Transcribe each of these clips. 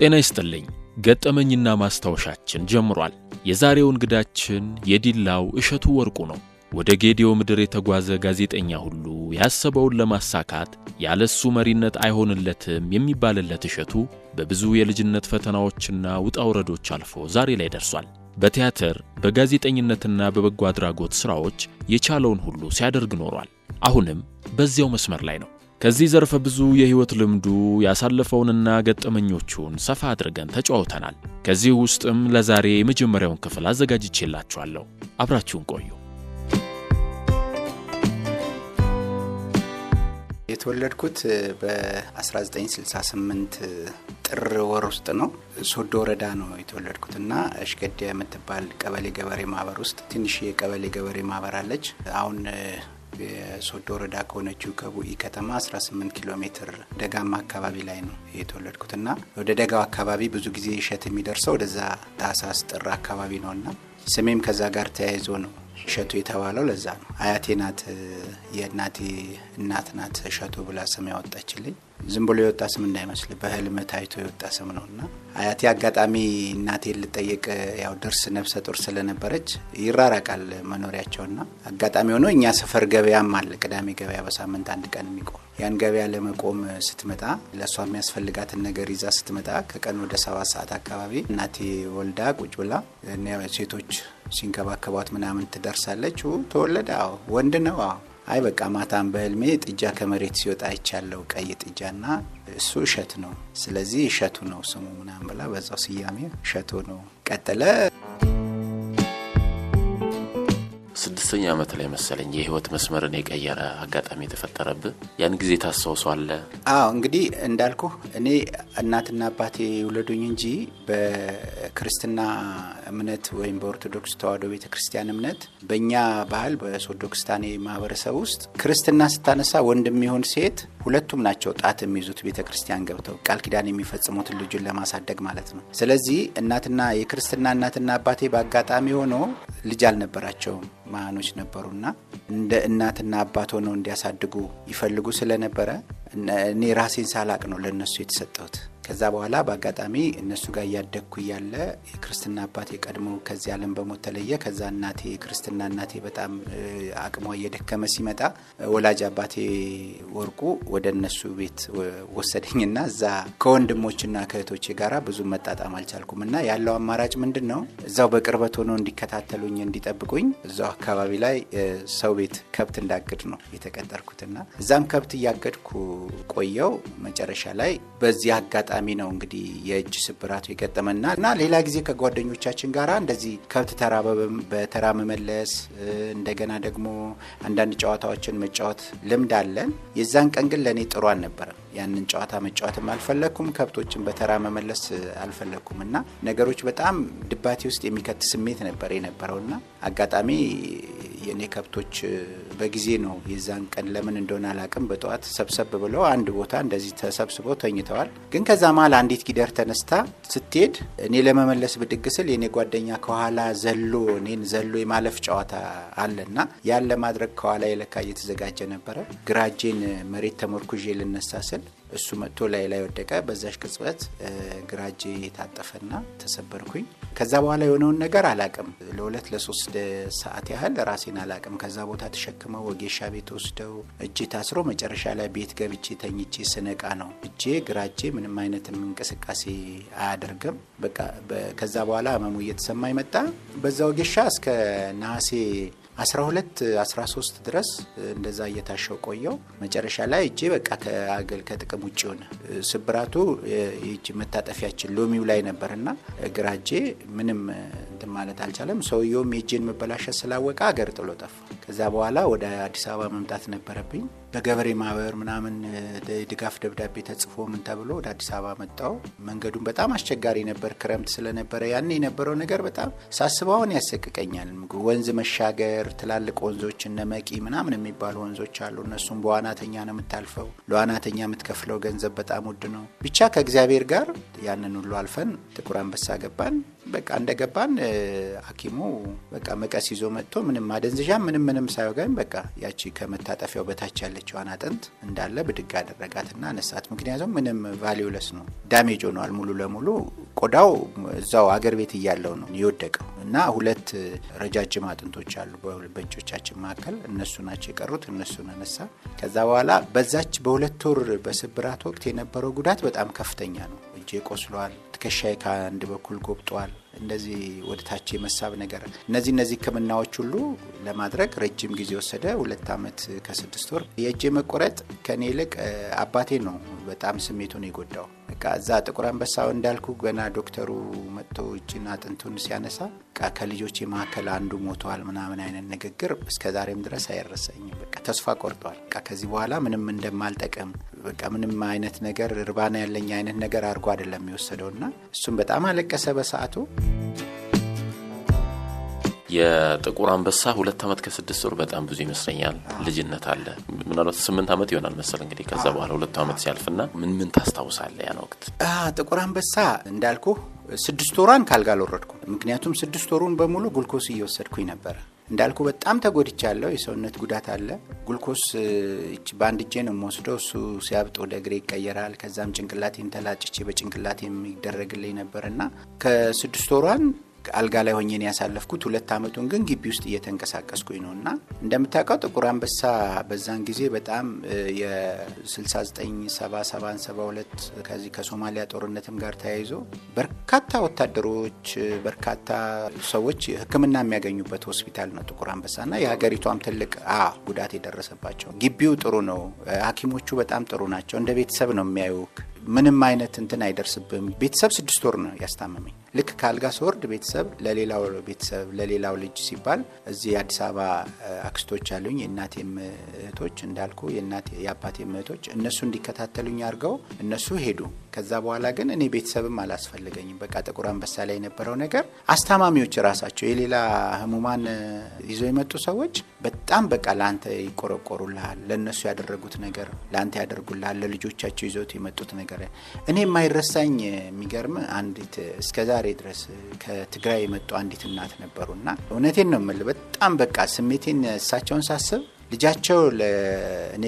ጤና ይስጥልኝ። ገጠመኝና ማስታወሻችን ጀምሯል። የዛሬው እንግዳችን የዲላው እሸቱ ወርቁ ነው። ወደ ጌዲዮ ምድር የተጓዘ ጋዜጠኛ ሁሉ ያሰበውን ለማሳካት ያለሱ መሪነት አይሆንለትም የሚባልለት እሸቱ በብዙ የልጅነት ፈተናዎችና ውጣ ውረዶች አልፎ ዛሬ ላይ ደርሷል። በቲያትር በጋዜጠኝነትና በበጎ አድራጎት ሥራዎች የቻለውን ሁሉ ሲያደርግ ኖሯል። አሁንም በዚያው መስመር ላይ ነው። ከዚህ ዘርፈ ብዙ የህይወት ልምዱ ያሳለፈውንና ገጠመኞቹን ሰፋ አድርገን ተጫውተናል። ከዚህ ውስጥም ለዛሬ የመጀመሪያውን ክፍል አዘጋጅቼላችኋለሁ። አብራችሁን ቆዩ። የተወለድኩት በ1968 ጥር ወር ውስጥ ነው። ሶዶ ወረዳ ነው የተወለድኩት እና እሽገዳ የምትባል ቀበሌ ገበሬ ማህበር ውስጥ ትንሽ የቀበሌ ገበሬ ማህበር አለች። አሁን የሶዶ ወረዳ ከሆነችው ከቡኢ ከተማ 18 ኪሎ ሜትር ደጋማ አካባቢ ላይ ነው ና ወደ ደጋው አካባቢ ብዙ ጊዜ እሸት የሚደርሰው ወደዛ ታህሳስ ጥር አካባቢ ና ስሜም ከዛ ጋር ተያይዞ ነው እሸቱ የተባለው ለዛ ነው። አያቴ ናት፣ የእናቴ እናት ናት እሸቱ ብላ ስም ያወጣችልኝ። ዝም ብሎ የወጣ ስም እንዳይመስል በህልም ታይቶ የወጣ ስም ነው እና አያቴ አጋጣሚ እናቴ ልጠየቅ ያው ድርስ ነፍሰ ጡር ስለነበረች ይራራቃል መኖሪያቸውና አጋጣሚ ሆኖ እኛ ሰፈር ገበያም አለ፣ ቅዳሜ ገበያ በሳምንት አንድ ቀን የሚቆም ያን ገበያ ለመቆም ስትመጣ ለእሷ የሚያስፈልጋትን ነገር ይዛ ስትመጣ ከቀን ወደ ሰባት ሰዓት አካባቢ እናቴ ወልዳ ቁጭ ብላ ሴቶች ሲንከባከቧት ምናምን ትደርሳለች። ተወለደ? ወንድ ነው? አይ በቃ ማታም በህልሜ ጥጃ ከመሬት ሲወጣ ይቻለው ቀይ ና እሱ እሸት ነው። ስለዚህ እሸቱ ነው ስሙ ምናምን ብላ በዛው ስያሜ እሸቱ ነው ቀጠለ። ስድስተኛ ዓመት ላይ መሰለኝ የህይወት መስመርን የቀየረ አጋጣሚ የተፈጠረብ ያን ጊዜ ታስታውሳለህ? አዎ እንግዲህ እንዳልኩ እኔ እናትና አባቴ የወለዱኝ እንጂ በክርስትና እምነት ወይም በኦርቶዶክስ ተዋህዶ ቤተ ክርስቲያን እምነት በእኛ ባህል በሶዶክስታኔ ማህበረሰብ ውስጥ ክርስትና ስታነሳ ወንድም የሚሆን ሴት ሁለቱም ናቸው ጣት የሚይዙት ቤተ ክርስቲያን ገብተው ቃል ኪዳን የሚፈጽሙትን ልጁን ለማሳደግ ማለት ነው። ስለዚህ እናትና የክርስትና እናትና አባቴ በአጋጣሚ ሆኖ ልጅ አልነበራቸውም። መሃኖች ነበሩና እንደ እናትና አባት ሆነው እንዲያሳድጉ ይፈልጉ ስለነበረ እኔ ራሴን ሳላቅ ነው ለእነሱ የተሰጠሁት። ከዛ በኋላ በአጋጣሚ እነሱ ጋር እያደግኩ እያለ የክርስትና አባቴ ቀድሞ ከዚህ ዓለም በሞት ተለየ። ከዛ እናቴ ክርስትና እናቴ በጣም አቅሟ እየደከመ ሲመጣ ወላጅ አባቴ ወርቁ ወደ እነሱ ቤት ወሰደኝና እዛ ከወንድሞችና ከእህቶቼ ጋራ ብዙ መጣጣም አልቻልኩም እና ያለው አማራጭ ምንድን ነው? እዛው በቅርበት ሆኖ እንዲከታተሉኝ እንዲጠብቁኝ እዛው አካባቢ ላይ ሰው ቤት ከብት እንዳግድ ነው የተቀጠርኩትና እዛም ከብት እያገድኩ ቆየው መጨረሻ ላይ በዚህ አጋጣሚ አጋጣሚ ነው እንግዲህ የእጅ ስብራቱ የገጠመና እና ሌላ ጊዜ ከጓደኞቻችን ጋር እንደዚህ ከብት ተራ በተራ መመለስ እንደገና ደግሞ አንዳንድ ጨዋታዎችን መጫወት ልምድ አለን። የዛን ቀን ግን ለእኔ ጥሩ አልነበረም። ያንን ጨዋታ መጫወትም አልፈለግኩም። ከብቶችን በተራ መመለስ አልፈለግኩም እና ነገሮች በጣም ድባቴ ውስጥ የሚከት ስሜት ነበር የነበረው እና አጋጣሚ የእኔ ከብቶች በጊዜ ነው የዛን ቀን ለምን እንደሆነ አላቅም፣ በጠዋት ሰብሰብ ብለው አንድ ቦታ እንደዚህ ተሰብስበው ተኝተዋል። ግን ከዛ መሀል አንዲት ጊደር ተነስታ ስትሄድ እኔ ለመመለስ ብድግ ስል የእኔ ጓደኛ ከኋላ ዘሎ እኔን ዘሎ የማለፍ ጨዋታ አለና ያን ለማድረግ ከኋላ የለካ እየተዘጋጀ ነበረ። ግራጄን መሬት ተሞርኩዤ ልነሳ ስል እሱ መጥቶ ላይ ላይ ወደቀ። በዛሽ ቅጽበት ግራ የታጠፈና ተሰበርኩኝ። ከዛ በኋላ የሆነውን ነገር አላቅም። ለሁለት ለሶስት ሰዓት ያህል ራሴን አላቅም። ከዛ ቦታ ተሸክመው ወጌሻ ቤት ወስደው እጄ ታስሮ መጨረሻ ላይ ቤት ገብቼ ተኝቼ ስነቃ ነው እጄ ግራ ምንም አይነትም እንቅስቃሴ አያደርግም። በቃ ከዛ በኋላ ህመሙ እየተሰማ ይመጣ። በዛ ወጌሻ እስከ ነሐሴ 12 13 ድረስ እንደዛ እየታሸው ቆየው። መጨረሻ ላይ እጄ በቃ ከአገል ከጥቅም ውጭ ሆነ። ስብራቱ የእጅ መታጠፊያችን ሎሚው ላይ ነበርና ግራ እጄ ምንም እንትን ማለት አልቻለም። ሰውየውም የእጄን መበላሸት ስላወቀ አገር ጥሎ ጠፋ። ከዛ በኋላ ወደ አዲስ አበባ መምጣት ነበረብኝ። በገበሬ ማህበር ምናምን ድጋፍ ደብዳቤ ተጽፎ ምን ተብሎ ወደ አዲስ አበባ መጣው። መንገዱን በጣም አስቸጋሪ ነበር፣ ክረምት ስለነበረ። ያን የነበረው ነገር በጣም ሳስበውን ያሰቅቀኛል። ወንዝ መሻገር፣ ትላልቅ ወንዞች እነ መቂ ምናምን የሚባሉ ወንዞች አሉ። እነሱም በዋናተኛ ነው የምታልፈው። ለዋናተኛ የምትከፍለው ገንዘብ በጣም ውድ ነው። ብቻ ከእግዚአብሔር ጋር ያንን ሁሉ አልፈን ጥቁር አንበሳ ገባን። በቃ እንደገባን ሐኪሙ በቃ መቀስ ይዞ መጥቶ ምንም ማደንዝዣ ምንም ምንም ሳይወጋኝ በቃ ያቺ ከመታጠፊያው በታች ያለችዋን አጥንት እንዳለ ብድግ አደረጋትና ነሳት። ምክንያቱም ምንም ቫሊውለስ ነው፣ ዳሜጅ ሆነዋል ሙሉ ለሙሉ ቆዳው እዛው አገር ቤት እያለው ነው የወደቀው እና ሁለት ረጃጅም አጥንቶች አሉ በእጆቻችን መካከል እነሱ ናቸው የቀሩት። እነሱን አነሳ። ከዛ በኋላ በዛች በሁለት ወር በስብራት ወቅት የነበረው ጉዳት በጣም ከፍተኛ ነው። እጄ ቆስሏል፣ ትከሻይ ከአንድ በኩል ጎብጧል። እንደዚህ ወደ ታች የመሳብ ነገር እነዚህ እነዚህ ህክምናዎች ሁሉ ለማድረግ ረጅም ጊዜ ወሰደ። ሁለት ዓመት ከስድስት ወር የእጄ መቆረጥ ከኔ ይልቅ አባቴ ነው በጣም ስሜቱን የጎዳው። በቃ እዛ ጥቁር አንበሳው እንዳልኩ ገና ዶክተሩ መጥቶ እጅና አጥንቱን ሲያነሳ በቃ ከልጆች መካከል አንዱ ሞተዋል ምናምን አይነት ንግግር እስከዛሬም ድረስ አይረሰኝም በቃ ተስፋ ቆርጧል። በቃ ከዚህ በኋላ ምንም እንደማልጠቅም በቃ ምንም አይነት ነገር እርባና ያለኝ አይነት ነገር አድርጎ አይደለም ና እሱም በጣም አለቀሰ በሰዓቱ። የጥቁር አንበሳ ሁለት ዓመት ከስድስት ወር በጣም ብዙ ይመስለኛል። ልጅነት አለ ምናልባት ስምንት ዓመት ይሆናል መሰል እንግዲህ ከዛ በኋላ ሁለቱ ዓመት ሲያልፍና ምን ምን ታስታውሳለ ያን ወቅት ጥቁር አንበሳ እንዳልኩ ስድስት ወሯን ካልጋ አልወረድኩም። ምክንያቱም ስድስት ወሩን በሙሉ ጉልኮስ እየወሰድኩኝ ነበረ። እንዳልኩ በጣም ተጎድቻለሁ። የሰውነት ጉዳት አለ። ጉልኮስ በአንድ እጄ ነው የምወስደው። እሱ ሲያብጥ ወደ እግሬ ይቀየራል። ከዛም ጭንቅላቴን ተላጭቼ በጭንቅላቴ የሚደረግልኝ ነበር እና ከስድስት ወሯን አልጋ ላይ ሆኜን ያሳለፍኩት ሁለት አመቱን ግን ግቢ ውስጥ እየተንቀሳቀስኩኝ ነው እና እንደምታውቀው ጥቁር አንበሳ በዛን ጊዜ በጣም የ69 72 ከዚህ ከሶማሊያ ጦርነትም ጋር ተያይዞ በርካታ ወታደሮች በርካታ ሰዎች ህክምና የሚያገኙበት ሆስፒታል ነው ጥቁር እና የሀገሪቷም ትልቅ አ ጉዳት የደረሰባቸው። ግቢው ጥሩ ነው። ሀኪሞቹ በጣም ጥሩ ናቸው። እንደ ቤተሰብ ነው የሚያዩክ። ምንም አይነት እንትን አይደርስብም። ቤተሰብ ስድስት ወር ነው ያስታመመኝ። ልክ ካልጋ ስወርድ ቤተሰብ ለሌላው ቤተሰብ ለሌላው ልጅ ሲባል እዚህ አዲስ አበባ አክስቶች አሉኝ። የእናቴ ምህቶች እንዳልኩ የእናቴ የአባቴም እነሱ እንዲከታተሉኝ አድርገው እነሱ ሄዱ። ከዛ በኋላ ግን እኔ ቤተሰብም አላስፈልገኝም። በቃ ጥቁር አንበሳ ላይ የነበረው ነገር አስታማሚዎች ራሳቸው የሌላ ህሙማን ይዘው የመጡ ሰዎች በጣም በቃ ለአንተ ይቆረቆሩልሃል። ለእነሱ ያደረጉት ነገር ለአንተ ያደርጉልሃል። ለልጆቻቸው ይዘውት የመጡት ነገር እኔ የማይረሳኝ የሚገርም አንዲት እስከዛ ዛሬ ድረስ ከትግራይ የመጡ አንዲት እናት ነበሩና እውነቴን ነው የምልህ በጣም በቃ ስሜቴን እሳቸውን ሳስብ ልጃቸው ለእኔ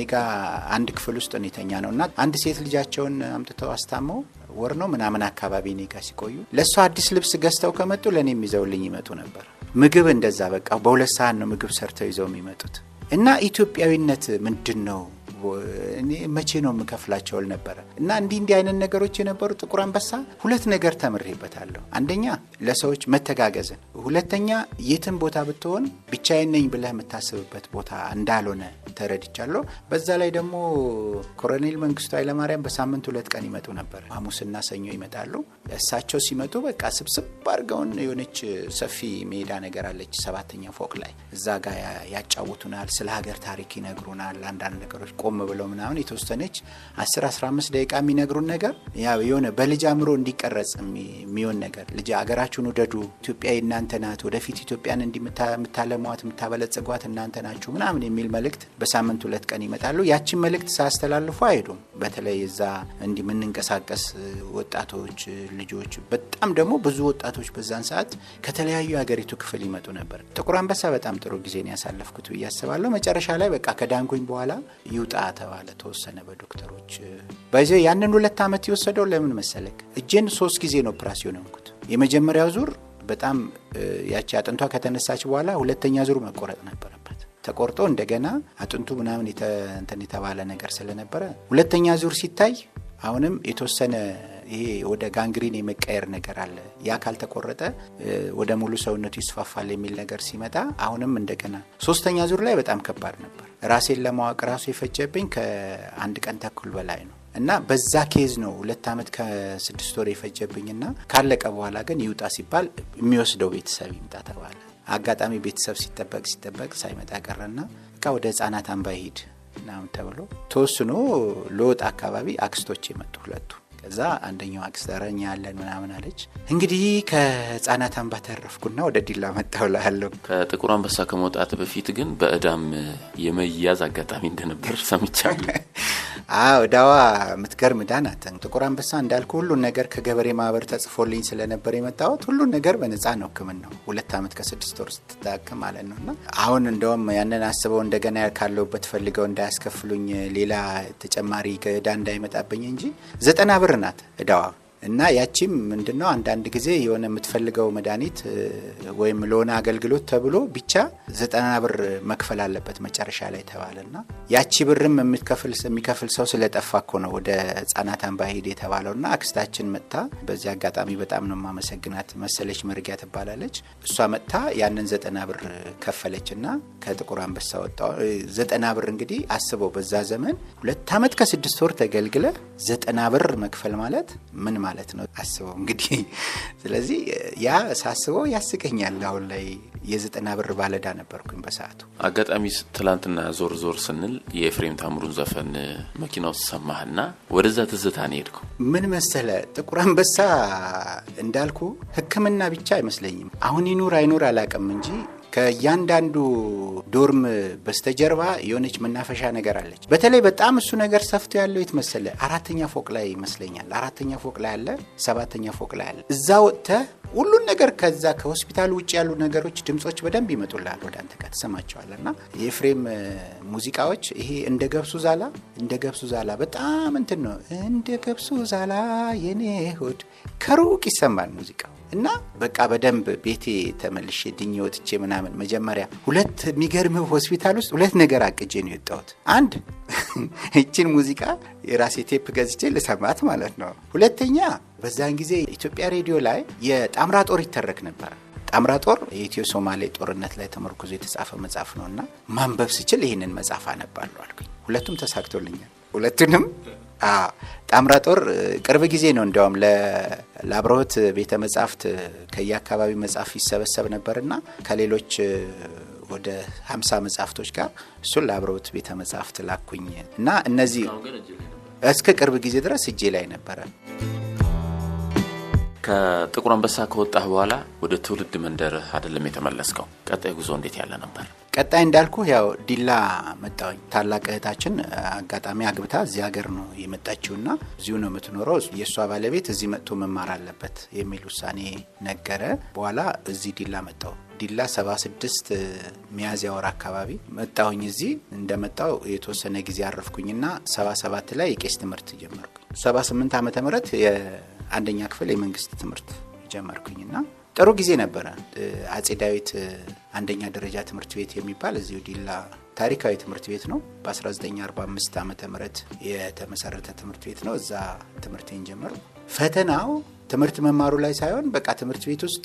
አንድ ክፍል ውስጥ ነው የተኛ ነው እና አንድ ሴት ልጃቸውን አምጥተው አስታመው ወር ነው ምናምን አካባቢ እኔ ሲቆዩ ለእሱ አዲስ ልብስ ገዝተው ከመጡ ለእኔ የሚዘውልኝ ይመጡ ነበር። ምግብ እንደዛ በቃ በሁለት ሰዓት ነው ምግብ ሰርተው ይዘው የሚመጡት እና ኢትዮጵያዊነት ምንድን ነው እኔ መቼ ነው የምከፍላቸው ነበረ እና እንዲህ እንዲህ አይነት ነገሮች የነበሩ ጥቁር አንበሳ ሁለት ነገር ተምሬበታለሁ። አንደኛ ለሰዎች መተጋገዝን፣ ሁለተኛ የትን ቦታ ብትሆን ብቻዬን ነኝ ብለህ የምታስብበት ቦታ እንዳልሆነ ተረድቻለሁ። በዛ ላይ ደግሞ ኮሎኔል መንግስቱ ኃይለማርያም በሳምንት ሁለት ቀን ይመጡ ነበር። ሐሙስና ሰኞ ይመጣሉ። እሳቸው ሲመጡ በቃ ስብስብ አድርገውን የሆነች ሰፊ ሜዳ ነገር አለች ሰባተኛ ፎቅ ላይ እዛ ጋር ያጫውቱናል። ስለ ሀገር ታሪክ ይነግሩናል። አንዳንድ ነገሮች ቆም ብለው ምናምን የተወሰነች 10 15 ደቂቃ የሚነግሩን ነገር ያው የሆነ በልጅ አእምሮ እንዲቀረጽ የሚሆን ነገር ልጅ ሀገራችሁን ውደዱ፣ ኢትዮጵያ እናንተ ናት፣ ወደፊት ኢትዮጵያን እንዲህ የምታለሟት የምታበለጽጓት እናንተ ናችሁ ምናምን የሚል መልእክት በሳምንት ሁለት ቀን ይመጣሉ። ያችን መልእክት ሳያስተላልፉ አይሄዱም። በተለይ እዛ እንዲህ የምንንቀሳቀስ ወጣቶች ልጆች፣ በጣም ደግሞ ብዙ ወጣቶች በዛን ሰዓት ከተለያዩ የሀገሪቱ ክፍል ይመጡ ነበር። ጥቁር አንበሳ በጣም ጥሩ ጊዜን ያሳለፍኩት ብዬ አስባለሁ። መጨረሻ ላይ በቃ ከዳንኩኝ በኋላ ይውጣ ተባለ ተወሰነ በዶክተሮች በዚ ያንን ሁለት ዓመት የወሰደው ለምን መሰለክ? እጄን ሶስት ጊዜ ነው ኦፕራሲዮን ሆንኩት። የመጀመሪያው ዙር በጣም ያቺ አጥንቷ ከተነሳች በኋላ ሁለተኛ ዙር መቆረጥ ነበረበት። ተቆርጦ እንደገና አጥንቱ ምናምን እንትን የተባለ ነገር ስለነበረ ሁለተኛ ዙር ሲታይ አሁንም የተወሰነ ይሄ ወደ ጋንግሪን የመቀየር ነገር አለ። ያ ካልተቆረጠ ወደ ሙሉ ሰውነቱ ይስፋፋል የሚል ነገር ሲመጣ አሁንም እንደገና ሶስተኛ ዙር ላይ በጣም ከባድ ነበር። ራሴን ለማወቅ ራሱ የፈጀብኝ ከአንድ ቀን ተኩል በላይ ነው እና በዛ ኬዝ ነው ሁለት ዓመት ከስድስት ወር የፈጀብኝና ካለቀ በኋላ ግን ይውጣ ሲባል የሚወስደው ቤተሰብ ይምጣ ተባለ። አጋጣሚ ቤተሰብ ሲጠበቅ ሲጠበቅ ሳይመጣ ቀረና እቃ ወደ ህጻናት አንባ ይሄድ ተብሎ ተወስኖ ሎጥ አካባቢ አክስቶች የመጡ ሁለቱ ከዛ አንደኛው አክስተረኛ ያለን ምናምን አለች። እንግዲህ ከህጻናት አንባ ተረፍኩና ወደ ዲላ መጣሁ እላለሁ። ከጥቁር አንበሳ ከመውጣት በፊት ግን በእዳም የመያዝ አጋጣሚ እንደነበር ሰምቻለ አዎ ዳዋ የምትገርም ዳናተን ናት። ጥቁር አንበሳ እንዳልኩ ሁሉን ነገር ከገበሬ ማህበር ተጽፎልኝ ስለነበር የመጣወት ሁሉን ነገር በነፃ ነው። ነው ሁለት ዓመት ከስድስት ወር ስትታክም ማለት ነው። እና አሁን እንደውም ያንን አስበው እንደገና ካለሁበት ፈልገው እንዳያስከፍሉኝ ሌላ ተጨማሪ እዳ እንዳይመጣብኝ እንጂ ዘጠና ብር ናት እዳዋ። እና ያቺም ምንድነው አንዳንድ ጊዜ የሆነ የምትፈልገው መድኃኒት ወይም ለሆነ አገልግሎት ተብሎ ብቻ ዘጠና ብር መክፈል አለበት መጨረሻ ላይ ና ያቺ ብርም የሚከፍል ሰው ስለጠፋ ኮ ነው ወደ ህጻናት አንባሂድ ሄድ ና አክስታችን መጥታ በዚህ አጋጣሚ በጣም ነው ማመሰግናት። መሰለች መርጊያ ትባላለች። እሷ መጥታ ያንን ዘጠና ብር ከፈለችና ከጥቁር አንበሳ ወጣ። ዘጠና ብር እንግዲህ አስበው በዛ ዘመን ሁለት ዓመት ከስድስት ወር ተገልግለ ዘጠና ብር መክፈል ማለት ምን ማለት ነው? አስበው እንግዲህ። ስለዚህ ያ ሳስበው ያስቀኛል አሁን ላይ የዘጠና ብር ባለዳ ነበርኩኝ በሰአቱ አጋጣሚ ትላንትና ዞር ዞር ስንል የኤፍሬም ታምሩን ዘፈን መኪና ውስጥ ሰማህና ወደዛ ትዝታ ነው ሄድኩ ምን መሰለ ጥቁር አንበሳ እንዳልኩ ህክምና ብቻ አይመስለኝም። አሁን ይኑር አይኑር አላውቅም እንጂ ከእያንዳንዱ ዶርም በስተጀርባ የሆነች መናፈሻ ነገር አለች። በተለይ በጣም እሱ ነገር ሰፍቶ ያለው የት መሰለ? አራተኛ ፎቅ ላይ ይመስለኛል። አራተኛ ፎቅ ላይ አለ፣ ሰባተኛ ፎቅ ላይ አለ። እዛ ወጥተ ሁሉን ነገር ከዛ ከሆስፒታል ውጭ ያሉ ነገሮች ድምፆች በደንብ ይመጡላል ወደ አንተ ጋር ትሰማቸዋል። እና የፍሬም ሙዚቃዎች ይሄ እንደ ገብሱ ዛላ እንደ ገብሱ ዛላ በጣም እንትን ነው። እንደ ገብሱ ዛላ የኔ እሑድ ከሩቅ ይሰማል ሙዚቃው እና በቃ በደንብ ቤቴ ተመልሼ ድኜ ወጥቼ ምናምን መጀመሪያ ሁለት የሚገርምህ ሆስፒታል ውስጥ ሁለት ነገር አቅጄ ነው የወጣሁት። አንድ ይችን ሙዚቃ የራሴ ቴፕ ገዝቼ ልሰማት ማለት ነው። ሁለተኛ በዛን ጊዜ ኢትዮጵያ ሬዲዮ ላይ የጣምራ ጦር ይተረክ ነበር። ጣምራ ጦር የኢትዮ ሶማሌ ጦርነት ላይ ተመርኩዞ የተጻፈ መጽሐፍ ነው እና ማንበብ ስችል ይህንን መጽሐፍ አነባለሁ አልኩኝ። ሁለቱም ተሳክቶልኛል። ሁለቱንም ጣምራ ጦር ቅርብ ጊዜ ነው። እንዲያውም ለአብርሆት ቤተ መጻሕፍት ከየአካባቢ መጽሐፍ ይሰበሰብ ነበርና ከሌሎች ወደ 50 መጽሐፍቶች ጋር እሱን ለአብርሆት ቤተ መጻሕፍት ላኩኝ እና እነዚህ እስከ ቅርብ ጊዜ ድረስ እጄ ላይ ነበረ። ከጥቁር አንበሳ ከወጣህ በኋላ ወደ ትውልድ መንደር አይደለም የተመለስከው። ቀጣይ ጉዞ እንዴት ያለ ነበር? ቀጣይ እንዳልኩ ያው ዲላ መጣሁኝ። ታላቅ እህታችን አጋጣሚ አግብታ እዚህ ሀገር ነው የመጣችውና እዚሁ ነው የምትኖረው። የእሷ ባለቤት እዚህ መጥቶ መማር አለበት የሚል ውሳኔ ነገረ። በኋላ እዚህ ዲላ መጣው ዲላ 76 ሚያዝያ ወር አካባቢ መጣሁኝ። እዚህ እንደመጣው የተወሰነ ጊዜ አረፍኩኝና 77 ላይ የቄስ ትምህርት ጀመርኩ። 78 ዓመተ ምህረት አንደኛ ክፍል የመንግስት ትምህርት ጀመርኩኝና ጥሩ ጊዜ ነበረ። አጼ ዳዊት አንደኛ ደረጃ ትምህርት ቤት የሚባል እዚሁ ዲላ ታሪካዊ ትምህርት ቤት ነው። በ1945 ዓ ም የተመሰረተ ትምህርት ቤት ነው። እዛ ትምህርቴን ጀመርኩ። ፈተናው ትምህርት መማሩ ላይ ሳይሆን በቃ ትምህርት ቤት ውስጥ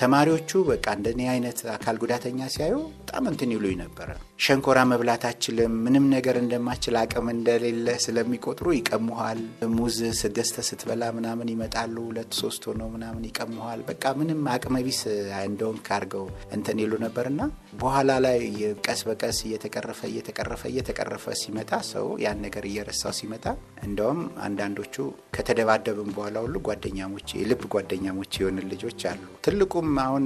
ተማሪዎቹ በቃ እንደኔ አይነት አካል ጉዳተኛ ሲያዩ በጣም እንትን ይሉኝ ነበረ። ሸንኮራ መብላት አችልም፣ ምንም ነገር እንደማችል አቅም እንደሌለ ስለሚቆጥሩ ይቀሙሃል። ሙዝ ስገዝተ ስትበላ ምናምን ይመጣሉ፣ ሁለት ሶስት ሆነው ምናምን ይቀሙሃል። በቃ ምንም አቅመ ቢስ እንደውም ካርገው እንትን ይሉ ነበርና በኋላ ላይ ቀስ በቀስ እየተቀረፈ እየተቀረፈ እየተቀረፈ ሲመጣ ሰው ያን ነገር እየረሳው ሲመጣ እንደውም አንዳንዶቹ ከተደባደብም በኋላ ሁሉ ጓደኛሞች የልብ ጓደኛሞች የሆን ልጆች አሉ ትልቁ እንደውም አሁን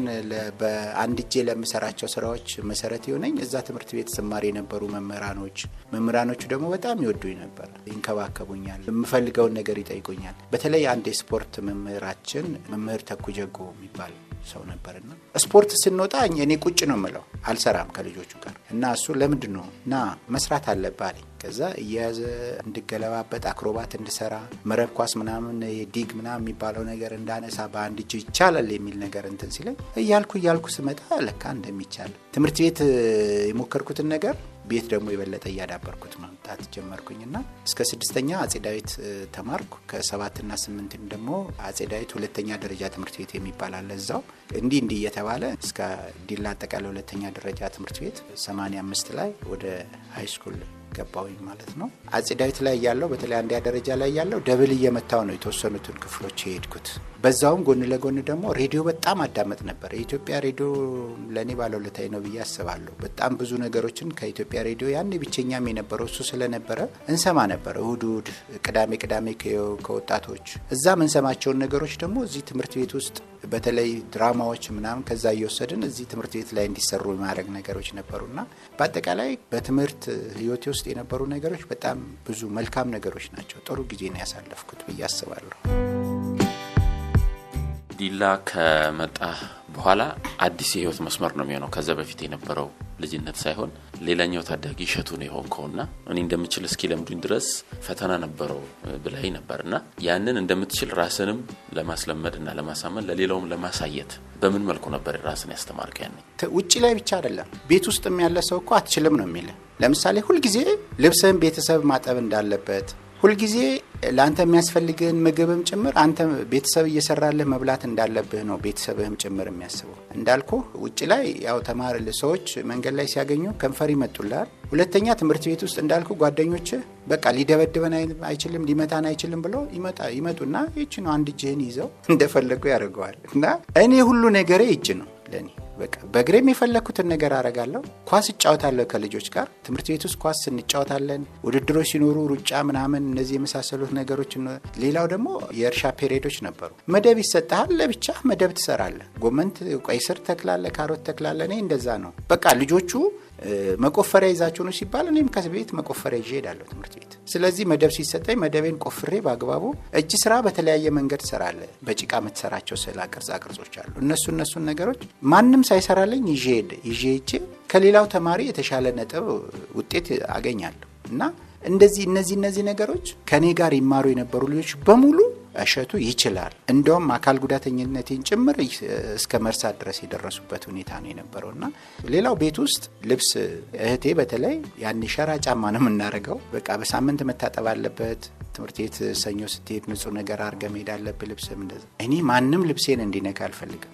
በአንድ እጄ ለምሰራቸው ስራዎች መሰረት የሆነኝ እዛ ትምህርት ቤት ስማር የነበሩ መምህራኖች መምህራኖቹ ደግሞ በጣም ይወዱኝ ነበር፣ ይንከባከቡኛል፣ የምፈልገውን ነገር ይጠይቁኛል። በተለይ አንድ የስፖርት መምህራችን መምህር ተኩጀጎ የሚባል ሰው ነበርና ስፖርት ስንወጣ እኔ ቁጭ ነው ምለው አልሰራም ከልጆቹ ጋር እና እሱ ለምንድን ነው እና መስራት አለብህ ከዛ እየያዘ እንድገለባበት አክሮባት እንድሰራ መረብ ኳስ ምናምን ዲግ ምናምን የሚባለው ነገር እንዳነሳ በአንድ እጅ ይቻላል የሚል ነገር እንትን ሲለኝ እያልኩ እያልኩ ስመጣ ለካ እንደሚቻል ትምህርት ቤት የሞከርኩትን ነገር ቤት ደግሞ የበለጠ እያዳበርኩት መምጣት ጀመርኩኝ እና እስከ ስድስተኛ አጼ ዳዊት ተማርኩ። ከሰባትና ስምንትን ደግሞ አጼ ዳዊት ሁለተኛ ደረጃ ትምህርት ቤት የሚባል አለ እዛው እንዲህ እንዲህ እየተባለ እስከ ዲላ አጠቃላይ ሁለተኛ ደረጃ ትምህርት ቤት 85 ላይ ወደ ሃይስኩል ገባውኝ ማለት ነው። አጼ ዳዊት ላይ ያለው በተለይ አንደኛ ደረጃ ላይ ያለው ደብል እየመታው ነው የተወሰኑትን ክፍሎች የሄድኩት። በዛውም ጎን ለጎን ደግሞ ሬዲዮ በጣም አዳመጥ ነበር። የኢትዮጵያ ሬዲዮ ለእኔ ባለውለታዬ ነው ብዬ አስባለሁ። በጣም ብዙ ነገሮችን ከኢትዮጵያ ሬዲዮ ያን ብቸኛም የነበረው እሱ ስለነበረ እንሰማ ነበር። እሁድ እሁድ፣ ቅዳሜ ቅዳሜ ከወጣቶች እዛ እንሰማቸውን ነገሮች ደግሞ እዚህ ትምህርት ቤት ውስጥ በተለይ ድራማዎች ምናምን ከዛ እየወሰድን እዚህ ትምህርት ቤት ላይ እንዲሰሩ የማድረግ ነገሮች ነበሩና በአጠቃላይ በትምህርት ህይወቴ ውስጥ የነበሩ ነገሮች በጣም ብዙ መልካም ነገሮች ናቸው። ጥሩ ጊዜ ነው ያሳለፍኩት ብዬ አስባለሁ። ዲላ ከመጣ በኋላ አዲስ የህይወት መስመር ነው የሚሆነው። ከዛ በፊት የነበረው ልጅነት ሳይሆን ሌላኛው ታዳጊ እሸቱ ነው የሆንከውና እኔ እንደምችል እስኪ ለምዱኝ ድረስ ፈተና ነበረው ብላይ ነበር እና ያንን እንደምትችል ራስንም ለማስለመድ ና ለማሳመን ለሌላውም ለማሳየት በምን መልኩ ነበር ራስን ያስተማርከ ያኔ ውጭ ላይ ብቻ አይደለም ቤት ውስጥም ያለ ሰው እኮ አትችልም ነው የሚል ለምሳሌ ሁልጊዜ ልብስን ቤተሰብ ማጠብ እንዳለበት ሁልጊዜ ለአንተ የሚያስፈልግህን ምግብም ጭምር አንተ ቤተሰብ እየሰራልህ መብላት እንዳለብህ ነው ቤተሰብህም ጭምር የሚያስበው። እንዳልኩ ውጭ ላይ ያው ተማር ሰዎች መንገድ ላይ ሲያገኙ ከንፈር ይመጡላል። ሁለተኛ ትምህርት ቤት ውስጥ እንዳልኩ ጓደኞች በቃ ሊደበድበን አይችልም ሊመታን አይችልም ብሎ ይመጡና ይች ነው አንድ እጅህን ይዘው እንደፈለጉ ያደርገዋል። እና እኔ ሁሉ ነገሬ እጅ ነው ለእኔ በቃ በእግሬ የሚፈለግኩትን ነገር አረጋለሁ። ኳስ እጫወታለሁ ከልጆች ጋር ትምህርት ቤት ውስጥ ኳስ እንጫወታለን። ውድድሮች ሲኖሩ ሩጫ ምናምን፣ እነዚህ የመሳሰሉት ነገሮች። ሌላው ደግሞ የእርሻ ፔሬዶች ነበሩ። መደብ ይሰጠሃል፣ ለብቻ መደብ ትሰራለህ። ጎመንት፣ ቀይ ስር ተክላለህ፣ ካሮት ተክላለ። እኔ እንደዛ ነው በቃ ልጆቹ መቆፈሪያ ይዛችሁ ነው ሲባል እኔም ከቤት መቆፈሪያ ይዤ ሄዳለሁ ትምህርት ቤት ስለዚህ መደብ ሲሰጠኝ መደቤን ቆፍሬ በአግባቡ እጅ ስራ በተለያየ መንገድ ሰራለ በጭቃ የምትሰራቸው ስዕላ ቅርጻ ቅርጾች አሉ። እነሱ እነሱን ነገሮች ማንም ሳይሰራለኝ ይዤ ይዤ ከሌላው ተማሪ የተሻለ ነጥብ ውጤት አገኛለሁ እና እንደዚህ እነዚህ እነዚህ ነገሮች ከእኔ ጋር ይማሩ የነበሩ ልጆች በሙሉ እሸቱ ይችላል። እንደውም አካል ጉዳተኝነትን ጭምር እስከ መርሳት ድረስ የደረሱበት ሁኔታ ነው የነበረው እና ሌላው ቤት ውስጥ ልብስ እህቴ በተለይ ያን ሸራ ጫማ ነው የምናደርገው። በቃ በሳምንት መታጠብ አለበት። ትምህርት ቤት ሰኞ ስትሄድ ንጹህ ነገር አድርገ መሄድ አለብህ። ልብስም እንደዛ እኔ ማንም ልብሴን እንዲነካ አልፈልግም።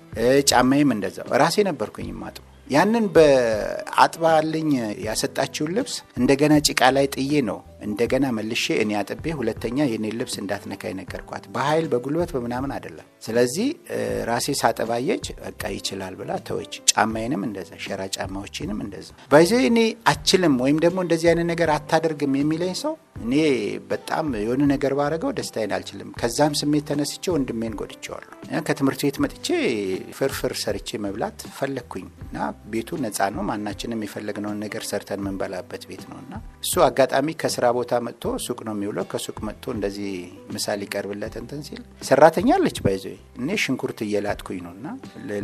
ጫማዬም እንደዛው ራሴ ነበርኩኝ ማጥቡ ያንን በአጥባልኝ ያሰጣችውን ልብስ እንደገና ጭቃ ላይ ጥዬ ነው እንደገና መልሼ እኔ አጥቤ ሁለተኛ የኔ ልብስ እንዳትነካይ ነገርኳት። በኃይል በጉልበት በምናምን አይደለም። ስለዚህ ራሴ ሳጠባየች በቃ ይችላል ብላ ተወች። ጫማዬንም እንደዛ ሸራ ጫማዎችንም እንደዛ ባይዘ እኔ አችልም ወይም ደግሞ እንደዚህ አይነት ነገር አታደርግም የሚለኝ ሰው እኔ በጣም የሆነ ነገር ባረገው ደስታዬን አልችልም። ከዛም ስሜት ተነስቼ ወንድሜን ጎድቼዋለሁ። ከትምህርት ቤት መጥቼ ፍርፍር ሰርቼ መብላት ፈለግኩኝ እና ቤቱ ነፃ ነው። ማናችንም የፈለግነውን ነገር ሰርተን የምንበላበት ቤት ነው እና እሱ አጋጣሚ ከስራ ቦታ መጥቶ ሱቅ ነው የሚውለው። ከሱቅ መጥቶ እንደዚህ ምሳሌ ይቀርብለት እንትን ሲል ሰራተኛ አለች ባይዞ እኔ ሽንኩርት እየላጥኩኝ ነው እና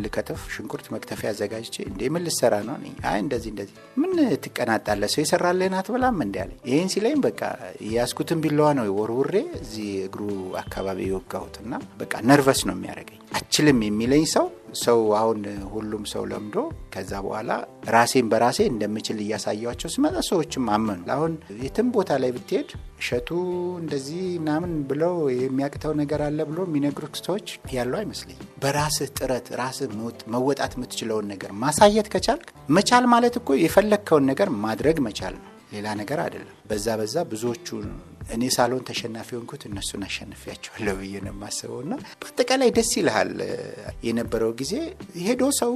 ልከተፍ ሽንኩርት መክተፊያ አዘጋጅቼ እንደ ምን ልሰራ ነው? አይ እንደዚህ እንደዚህ ምን ትቀናጣለ ሰው የሰራልህን አትበላም እንዲ አለ። ይህን ሲለኝ በቃ ያስኩትን ቢለዋ ነው ወርውሬ እዚህ እግሩ አካባቢ የወጋሁት እና በቃ ነርቨስ ነው የሚያደርገኝ አችልም የሚለኝ ሰው ሰው አሁን ሁሉም ሰው ለምዶ ከዛ በኋላ ራሴን በራሴ እንደምችል እያሳያቸው ሲመጣ ሰዎችም አመኑ። አሁን የትም ቦታ ላይ ብትሄድ እሸቱ እንደዚህ ምናምን ብለው የሚያቅተው ነገር አለ ብሎ የሚነግሩ ሰዎች ያሉ አይመስለኝ በራስህ ጥረት ራስህ መወጣት የምትችለውን ነገር ማሳየት ከቻልክ መቻል ማለት እኮ የፈለግከውን ነገር ማድረግ መቻል ነው። ሌላ ነገር አይደለም። በዛ በዛ ብዙዎቹ እኔ ሳልሆን ተሸናፊ ሆንኩት እነሱን አሸንፊያቸዋለሁ ብዬ ነው የማስበው። እና በአጠቃላይ ደስ ይልሃል የነበረው ጊዜ ሄዶ ሰው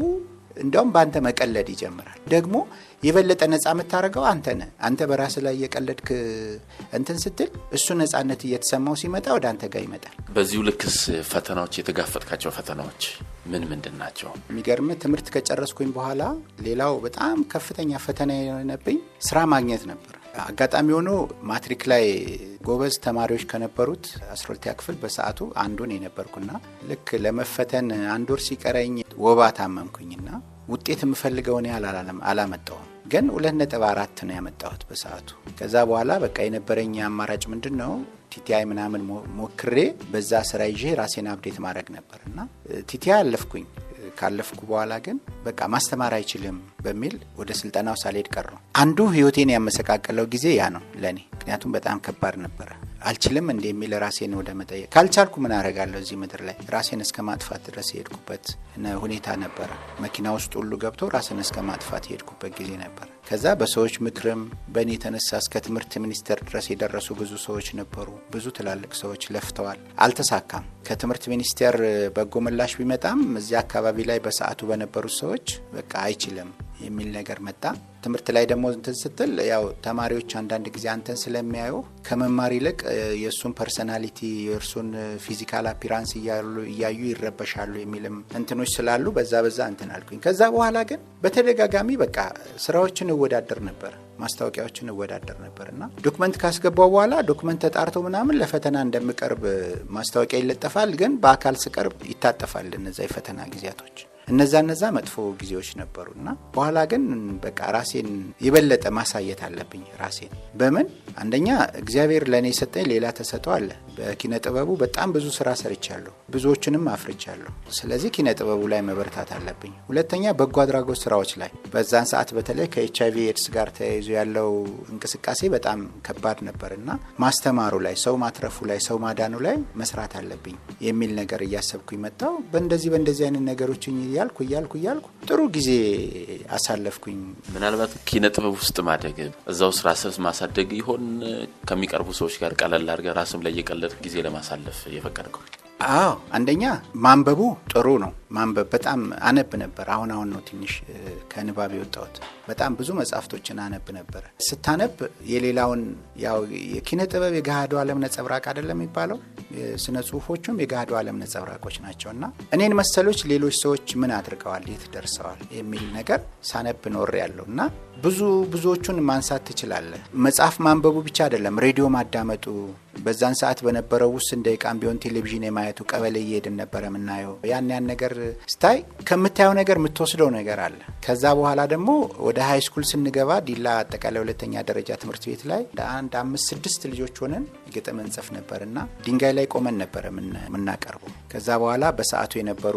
እንዲያውም በአንተ መቀለድ ይጀምራል። ደግሞ የበለጠ ነፃ የምታደረገው አንተ ነ አንተ በራስ ላይ የቀለድክ እንትን ስትል እሱ ነፃነት እየተሰማው ሲመጣ ወደ አንተ ጋር ይመጣል። በዚሁ ልክስ ፈተናዎች የተጋፈጥካቸው ፈተናዎች ምን ምንድን ናቸው? የሚገርም ትምህርት ከጨረስኩኝ በኋላ ሌላው በጣም ከፍተኛ ፈተና የሆነብኝ ስራ ማግኘት ነበር። አጋጣሚ ሆኖ ማትሪክ ላይ ጎበዝ ተማሪዎች ከነበሩት አስሮልቲያ ክፍል በሰዓቱ አንዱን የነበርኩና ልክ ለመፈተን አንድ ወር ሲቀረኝ ወባ ታመምኩኝና ውጤት የምፈልገውን ያህል አላመጣውም፣ ግን ሁለት ነጥብ አራት ነው ያመጣሁት በሰዓቱ። ከዛ በኋላ በቃ የነበረኝ አማራጭ ምንድን ነው? ቲቲአይ ምናምን ሞክሬ በዛ ስራ ይዤ ራሴን አብዴት ማድረግ ነበር እና ቲቲአይ አለፍኩኝ። ካለፍኩ በኋላ ግን በቃ ማስተማር አይችልም በሚል ወደ ስልጠናው ሳልሄድ ቀረሁ። አንዱ ህይወቴን ያመሰቃቀለው ጊዜ ያ ነው ለእኔ፣ ምክንያቱም በጣም ከባድ ነበረ። አልችልም እንደ የሚል ራሴን ወደ መጠየቅ ካልቻልኩ ምን አረጋለሁ እዚህ ምድር ላይ ራሴን እስከ ማጥፋት ድረስ የሄድኩበት ሁኔታ ነበረ። መኪና ውስጥ ሁሉ ገብቶ ራሴን እስከ ማጥፋት የሄድኩበት ጊዜ ነበረ። ከዛ በሰዎች ምክርም በእኔ የተነሳ እስከ ትምህርት ሚኒስቴር ድረስ የደረሱ ብዙ ሰዎች ነበሩ። ብዙ ትላልቅ ሰዎች ለፍተዋል፣ አልተሳካም። ከትምህርት ሚኒስቴር በጎ ምላሽ ቢመጣም እዚያ አካባቢ ላይ በሰዓቱ በነበሩት ሰዎች በቃ አይችልም የሚል ነገር መጣ። ትምህርት ላይ ደግሞ እንትን ስትል ያው ተማሪዎች አንዳንድ ጊዜ አንተን ስለሚያዩ ከመማር ይልቅ የእሱን ፐርሰናሊቲ የእርሱን ፊዚካል አፒራንስ እያዩ ይረበሻሉ የሚልም እንትኖች ስላሉ በዛ በዛ እንትን አልኩኝ። ከዛ በኋላ ግን በተደጋጋሚ በቃ ስራዎችን እወዳደር ነበር፣ ማስታወቂያዎችን እወዳደር ነበር እና ዶክመንት ካስገባው በኋላ ዶክመንት ተጣርቶ ምናምን ለፈተና እንደምቀርብ ማስታወቂያ ይለጠፋል፣ ግን በአካል ስቀርብ ይታጠፋል እነዛ የፈተና ጊዜያቶች እነዛ እነዛ መጥፎ ጊዜዎች ነበሩና በኋላ ግን በቃ ራሴን የበለጠ ማሳየት አለብኝ። ራሴን በምን አንደኛ እግዚአብሔር ለእኔ የሰጠኝ ሌላ ተሰጥኦ አለ። በኪነ ጥበቡ በጣም ብዙ ስራ ሰርቻለሁ፣ ብዙዎችንም አፍርቻለሁ። ስለዚህ ኪነ ጥበቡ ላይ መበረታት አለብኝ። ሁለተኛ በጎ አድራጎት ስራዎች ላይ በዛን ሰዓት በተለይ ከኤች ኤድስ ጋር ተያይዞ ያለው እንቅስቃሴ በጣም ከባድ ነበርና ማስተማሩ ላይ ሰው ማትረፉ ላይ ሰው ማዳኑ ላይ መስራት አለብኝ የሚል ነገር እያሰብኩኝ መጣው በእንደዚህ በእንደዚህ አይነት ነገሮች እያልኩ እያልኩ እያልኩ ጥሩ ጊዜ አሳለፍኩኝ። ምናልባት ኪነ ጥበብ ውስጥ ማደግ እዛው ስራ ስር ማሳደግ ይሆን ከሚቀርቡ ሰዎች ጋር ቀለል አድርገህ ራስም ላይ የቀለድ ጊዜ ለማሳለፍ የፈቀድከው? አዎ አንደኛ ማንበቡ ጥሩ ነው። ማንበብ በጣም አነብ ነበር። አሁን አሁን ነው ትንሽ ከንባብ የወጣሁት። በጣም ብዙ መጽሐፍቶችን አነብ ነበር። ስታነብ የሌላውን ያው የኪነ ጥበብ የገሃዱ ዓለም ነጸብራቅ አይደለም የሚባለው ስነ ጽሁፎቹም የገሃዱ ዓለም ነጸብራቆች ናቸው እና እኔን መሰሎች ሌሎች ሰዎች ምን አድርገዋል፣ የት ደርሰዋል የሚል ነገር ሳነብ ኖር ያለው እና ብዙ ብዙዎቹን ማንሳት ትችላለህ። መጽሐፍ ማንበቡ ብቻ አይደለም፣ ሬዲዮ ማዳመጡ በዛን ሰዓት በነበረው እንደ ደቂቃም ቢሆን ቴሌቪዥን የማየቱ ቀበሌ እየሄድን ነበረ የምናየው ያን ያን ነገር ስታይ ከምታየው ነገር የምትወስደው ነገር አለ። ከዛ በኋላ ደግሞ ወደ ሀይ ስኩል ስንገባ ዲላ አጠቃላይ ሁለተኛ ደረጃ ትምህርት ቤት ላይ ለአንድ አምስት ስድስት ልጆች ሆነን ግጥም እንጽፍ ነበርና ድንጋይ ላይ ቆመን ነበረ የምናቀርበው። ከዛ በኋላ በሰዓቱ የነበሩ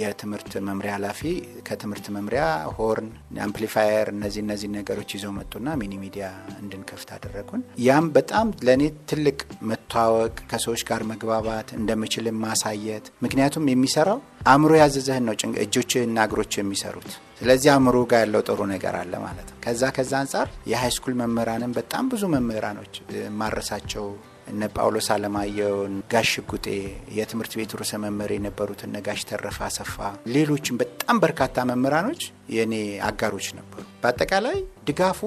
የትምህርት መምሪያ ኃላፊ ከትምህርት መምሪያ ሆርን፣ አምፕሊፋየር እነዚህ እነዚህ ነገሮች ይዘው መጡና ሚኒ ሚዲያ እንድንከፍት አደረጉን። ያም በጣም ለእኔ ትልቅ መተዋወቅ፣ ከሰዎች ጋር መግባባት እንደምችልም ማሳየት ምክንያቱም የሚሰራው አእምሮ ያዘዘህን ነው ጭንቅ እጆችህና እግሮች የሚሰሩት። ስለዚህ አእምሮ ጋር ያለው ጥሩ ነገር አለ ማለት ነው። ከዛ ከዛ አንጻር የሃይስኩል መምህራንን በጣም ብዙ መምህራኖች ማረሳቸው እነ ጳውሎስ አለማየሁን፣ ጋሽ ጉጤ የትምህርት ቤት ርዕሰ መምህር የነበሩት እነ ጋሽ ተረፈ አሰፋ፣ ሌሎችም በጣም በርካታ መምህራኖች የእኔ አጋሮች ነበሩ። በአጠቃላይ ድጋፉ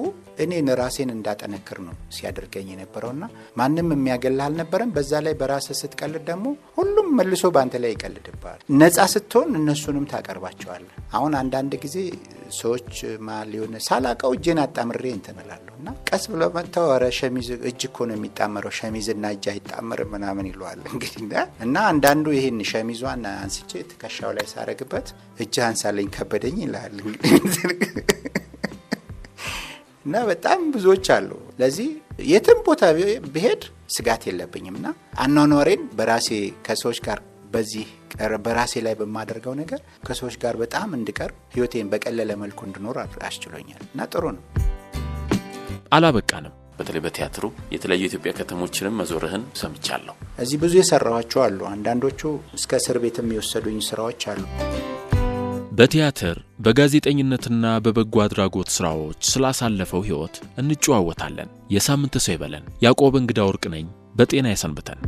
እኔን ራሴን እንዳጠነክር ነው ሲያደርገኝ የነበረውና ማንም የሚያገላ አልነበረም። በዛ ላይ በራስ ስትቀልድ ደግሞ ሁሉም መልሶ በአንተ ላይ ይቀልድባል። ነፃ ስትሆን እነሱንም ታቀርባቸዋለህ። አሁን አንዳንድ ጊዜ ሰዎች መሀል የሆነ ሳላቀው እጄን አጣምሬ እንትን እላለሁ እና ቀስ ብሎ መጥተው ኧረ ሸሚዝ እጅ እኮ ነው የሚጣመረው ሸሚዝና እጅ አይጣመርም ምናምን ይለዋል። እንግዲህ እና አንዳንዱ ይህን ሸሚዟን አንስቼ ትከሻው ላይ ሳረግበት እጅ አንሳለኝ ከበደኝ ይላል። እና በጣም ብዙዎች አሉ። ለዚህ የትም ቦታ ብሄድ ስጋት የለብኝም እና አኗኗሬን በራሴ ከሰዎች ጋር በዚህ በራሴ ላይ በማደርገው ነገር ከሰዎች ጋር በጣም እንድቀር ህይወቴን በቀለለ መልኩ እንድኖር አስችሎኛል እና ጥሩ ነው። አላበቃንም። በተለይ በቲያትሩ የተለያዩ የኢትዮጵያ ከተሞችንም መዞርህን ሰምቻለሁ። እዚህ ብዙ የሰራኋቸው አሉ። አንዳንዶቹ እስከ እስር ቤትም የወሰዱኝ ስራዎች አሉ። በቲያትር በጋዜጠኝነትና በበጎ አድራጎት ስራዎች ስላሳለፈው ሕይወት እንጨዋወታለን። የሳምንት ሰው ይበለን። ያዕቆብ እንግዳ ወርቅ ነኝ። በጤና ያሰንብተን።